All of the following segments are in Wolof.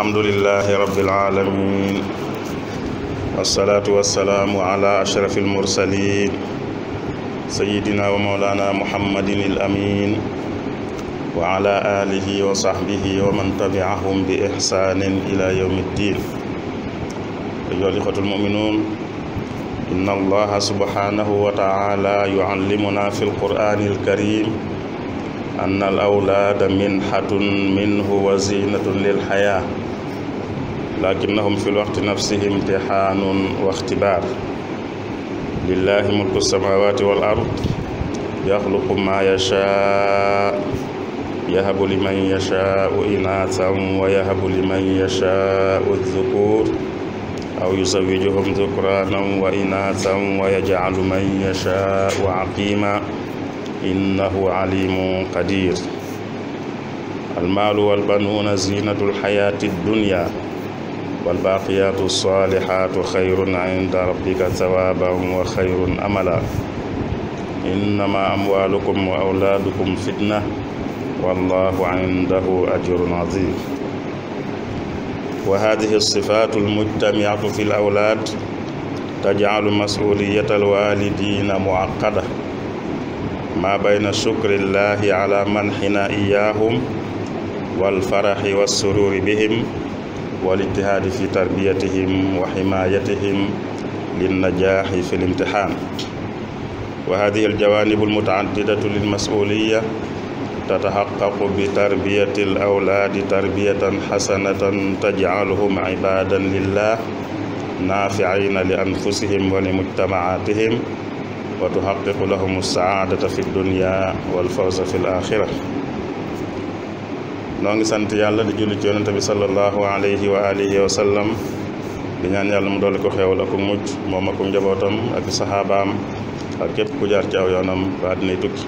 الحمد لله رب العالمين والصلاة والسلام على أشرف المرسلين سيدنا ومولانا محمد الأمين وعلى آله وصحبه ومن تبعهم بإحسان إلى يوم الدين أيها الإخوة المؤمنون إن الله سبحانه وتعالى يعلمنا في القرآن الكريم أن الأولاد منحة منه وزينة للحياة لكنهم في الوقت نفسه امتحان واختبار لله ملك السماوات والأرض يخلق ما يشاء يهب لمن يشاء إناثا ويهب لمن يشاء الذكور أو يزوجهم ذكرانا وإناثا ويجعل من يشاء عقيما إنه عليم قدير المال والبنون زينة الحياة الدنيا والباقيات الصالحات خير عند ربك ثوابا وخير املا انما اموالكم واولادكم فتنه والله عنده اجر عظيم وهذه الصفات المجتمعه في الاولاد تجعل مسؤوليه الوالدين معقده ما بين شكر الله على منحنا اياهم والفرح والسرور بهم والاجتهاد في تربيتهم وحمايتهم للنجاح في الامتحان وهذه الجوانب المتعددة للمسؤولية تتحقق بتربية الأولاد تربية حسنة تجعلهم عبادا لله نافعين لأنفسهم ولمجتمعاتهم وتحقق لهم السعادة في الدنيا والفوز في الآخرة noo ngi sant yàlla di julli ci yonente bi sallallahu alayhi wa alihi wa sallam di ñaan yàlla mu doole ko xeewal ak mujj moom ak njabootam ak saxaabaam ak képp ku jaar ci aw yoonam ba àddinay tukki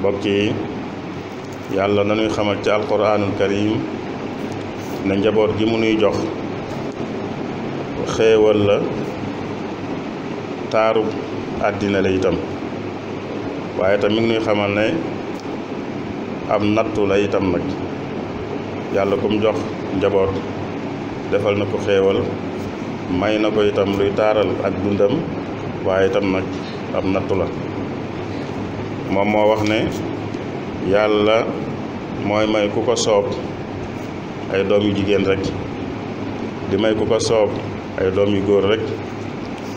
mbokk yi yàlla nañuy xamal ci alquraanul karim ne njaboot gi mu nuy jox xeewal la taaru àddina la itam waaye tam mi ngi nuy xamal ne am nattu la itam nag yàlla ku jox njaboot defal na ko xéewal may na ko itam luy taaral ak dundam waaye itam nag am nattu la moom moo wax ne yàlla mooy may ku ko soob ay doom yu jigéen rek di may ku ko soob ay doom yu góor rekk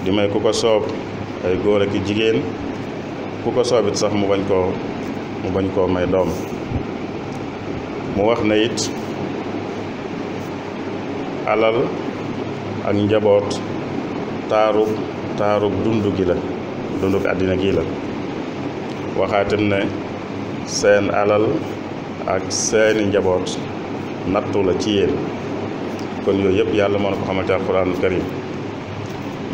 di may ku ko soob ay góor ak i jigéen ku ko soobit sax mu bañ koo mu bañ koo may doom mu wax na it alal ak njaboot taarub taarub dund gi la dund bi àddina gi la waxaatam ne seen alal ak seeni njaboot nattu la ci yéen kon yooyu yëpp yàlla moo na ko xamal ci alquranul karim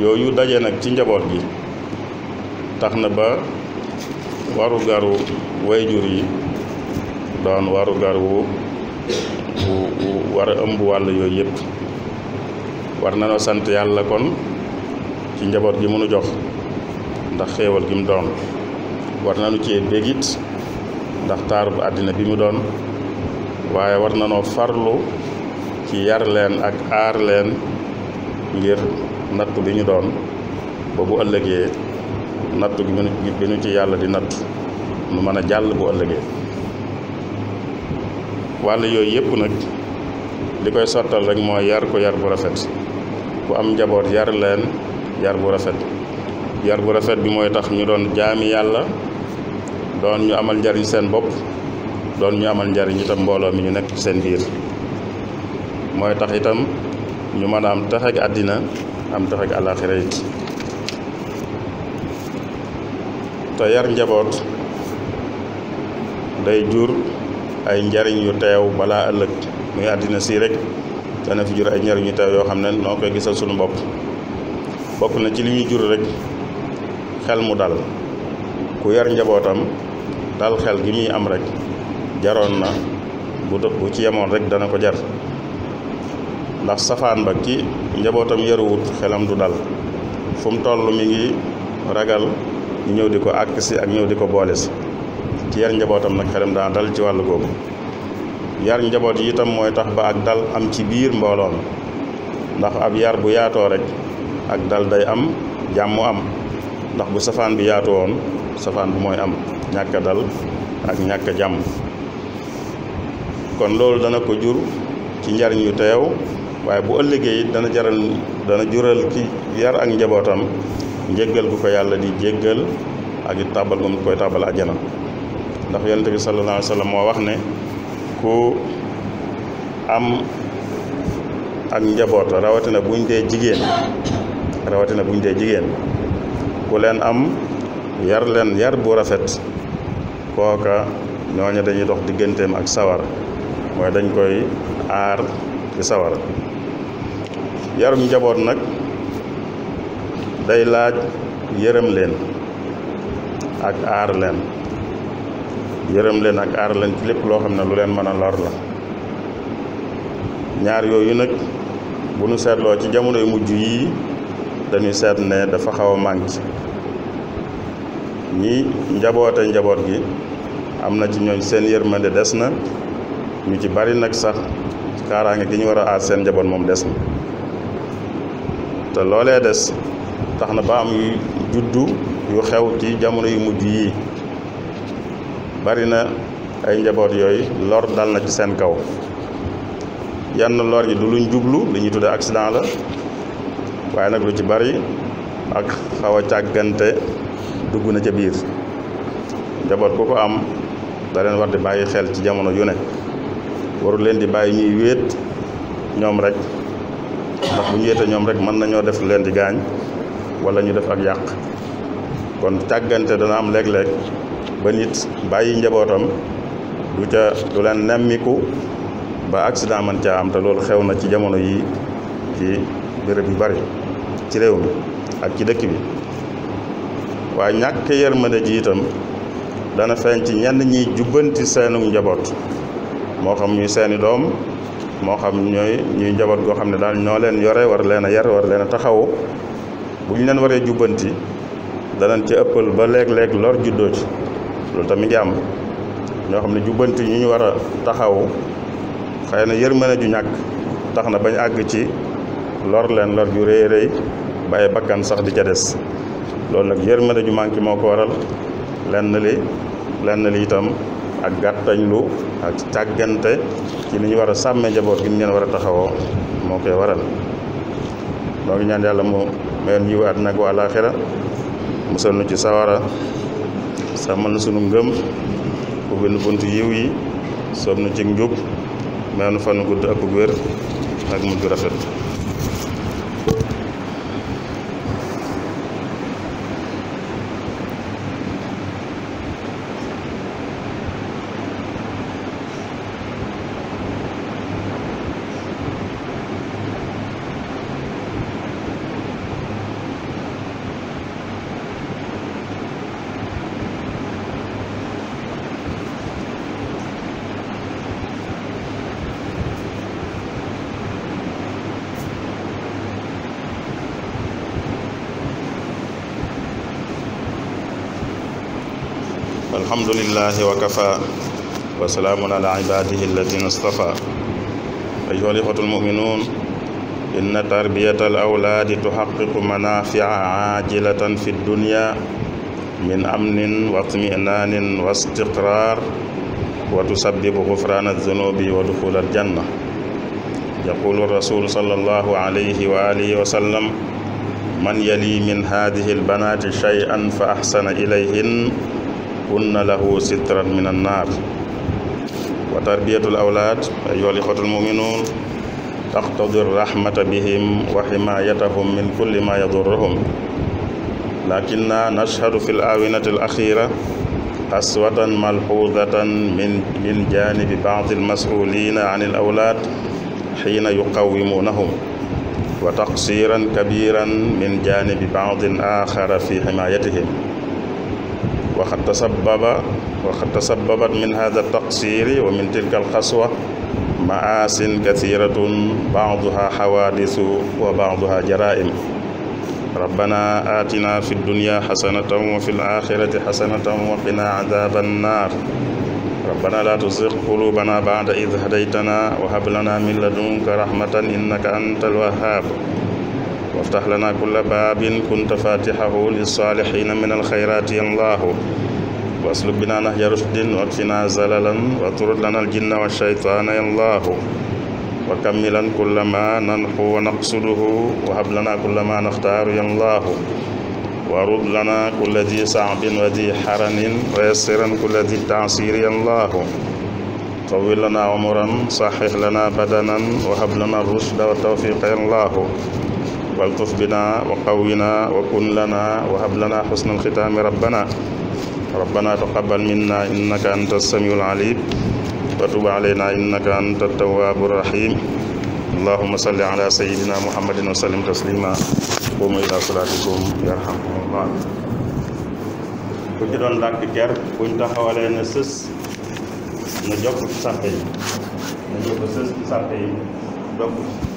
yooyu daje nag ci njaboot gi tax na ba waru garu wayjur yi doon warugar wu wu war a ëmb wàll yooyu yëpp war nañoo sant yàlla kon ci njaboot gi mënu jox ndax xéewal gi mu doon war nañu ci bégit ndax taar bu àddina bi mu doon waaye war nañoo farlu ci yar ak aarleen leen ngir nattu bi ñu doon ba bu ëllëgee natt bi ñu ci yàlla di nattu nu mën a jàll bu ëllëgee wàll yooyu yëpp nag li koy sottal rek mooy yar ko yar bu rafet ku am njaboot yar leen yar bu rafet yar bu rafet bi mooy tax ñu doon jaami yàlla doon ñu amal njariñ seen bopp doon ñu amal njariñ itam mbooloo mi ñu nekk ci seen biir mooy tax itam ñu mën a am tax àddina am tax ak àllaaxira te yar njaboot day jur ay njariñ yu teew balaa ëllëg muy àddina sii rek dana fi jur ay njariñu yu teew yoo xam ne noo koy gisal sunu bopp bokk na ci li jur rek xel mu dal ku yar njabootam dal xel gi muy am rek jaroon na bu bu ci yemoon rek dana ko jar ndax safaan ba ki njabootam yaruwut xelam du dal fu mu mi ngi ragal ñu ñëw di ko ak si ak ñëw di ko boole si ci yar njabootam nag xelam daa dal ci wàllu googu yar njaboot yi itam mooy tax ba ak dal am ci biir mbooloo ndax ab yar bu yaatoo rek ak dal day am jàmm am ndax bu safaan bi yaatu woon safaan bu mooy am ñàkk dal ak ñàkk jàmm kon loolu dana ko jur ci njariñ yu teew waaye bu ëllëgee it dana jaral dana jural ki yar ak njabootam njéggal gu ko yàlla di jéggal ak it tàbbal moom koy tàbbal àjjana ndax yonent bi sallallahu alayhi wa sallam moo wax ne ku am ak njaboot rawatina buñ dee jigéen rawatina buñ dee jigéen ku leen am yar leen yar bu rafet kooka ñooñu dañuy dox digganteem ak sawar mooy dañ koy aar ci sawar yarum njaboot nag day laaj yërëm leen ak aar leen yërëm len ak ar lañ ci lepp lo xamne lu len mëna lor la ñaar yoyu nak bu nu sétlo ci jamono yu mujju yi dañu sét né dafa xawa a manqué ñi njabota njabot gi am ci ñooñ seen yërmande des na ñu ci bari nak sax kaaraange gi ñu wara a seen jabon mom des na te des taxna ba am yu juddu yu xew ci jamono yu mujju yi bari na ay njaboot yooyu lor dal na ci seen kaw yenn lor yi du luñ jublu li ñuy tuddee accident la waaye nag lu ci bari ak xaw càggante dugg na ca biir njaboot ku ko am da leen war di bàyyi xel ci jamono yu ne warul leen di bàyyi ñuy wéet ñoom rek ndax bu ñu ñoom rek mën nañoo def leen di gaañ wala ñu def ak yàq kon càggante dana am léeg-léeg ba nit bàyyi njabootam du ca du leen nemmiku ba accident man caa am te loolu xew na ci jamono yi ci béréb yu bari ci réew mi ak ci dëkk bi waaye ñàkk yërmande ji itam dana feeñ ci ñenn ñiy jubbanti seenum njaboot moo xam ñuy seeni doom moo xam ñooy ñuy njaboot goo xam ne daal ñoo leen yore war leen a yar war leen a taxawu bu ñu leen waree jubbanti danañ ci ëppal ba léeg-léeg lor juddoo ci loolu tamit ngi am ñoo xam ne jubbanti ñu ñu war a taxaw xëy na yërmande ju ñàkk tax na bañ àgg ci lor leen lor ju rëy rëy bàyyi bakkan sax di ca des loolu nag yërmande ju manqué moo ko waral lenn li lenn li itam ak gàttañ lu ak càggante ci li ñu war a sàmmee njaboot gi ñu leen war a taxawoo moo koy waral noo ngi ñaan yàlla mu mayoon yiwaat nag waa laaxira musal nu ci sawara sàmmal na sunu ngëm ubbil benn bunt yiw yi soob nu ci njub may nu fan gudd ak wér ak mujj rafet الحمد لله وكفى وسلام على عباده الذين اصطفى أيها الإخوة المؤمنون إن تربية الأولاد تحقق منافع عاجلة في الدنيا من أمن واطمئنان واستقرار وتسبب غفران الذنوب ودخول الجنة يقول الرسول صلى الله عليه وآله وسلم من يلي من هذه البنات شيئا فأحسن إليهن كن له سترا من النار وتربية الأولاد أيها الإخوة المؤمنون تقتضي الرحمة بهم وحمايتهم من كل ما يضرهم لكننا نشهد في الآونة الأخيرة قسوة ملحوظة من من جانب بعض المسؤولين عن الأولاد حين يقومونهم وتقصيرا كبيرا من جانب بعض آخر في حمايتهم وقد تسبب وقد تسببت من هذا التقصير ومن تلك القسوة مآس كثيرة بعضها حوادث وبعضها جرائم ربنا آتنا في الدنيا حسنة وفي الآخرة حسنة وقنا عذاب النار ربنا لا تزغ قلوبنا بعد إذ هديتنا وهب لنا من لدنك رحمة إنك أنت الوهاب وافتح لنا كل باب كنت فاتحه للصالحين من الخيرات يا الله واسلك بنا نهج رشد واكفنا زللا واطرد لنا الجن والشيطان يا الله وكملا كل ما ننحو ونقصده وهب لنا كل ما نختار يا الله وارد لنا كل ذي صعب وذي حرن ويسرا كل ذي تعسير يا الله طول لنا عمرا صحح لنا بدنا وهب لنا الرشد والتوفيق يا الله والطف بنا وقونا وكن لنا وهب لنا حسن الختام ربنا ربنا تقبل منا إنك أنت السميع العليم وتب علينا إنك أنت التواب الرحيم اللهم صل على سيدنا محمد وسلم تسليما قوموا إلى صلاتكم يرحمكم الله ku ci doon làkk ker buñ taxawalee ne sës na jokk ci sàppe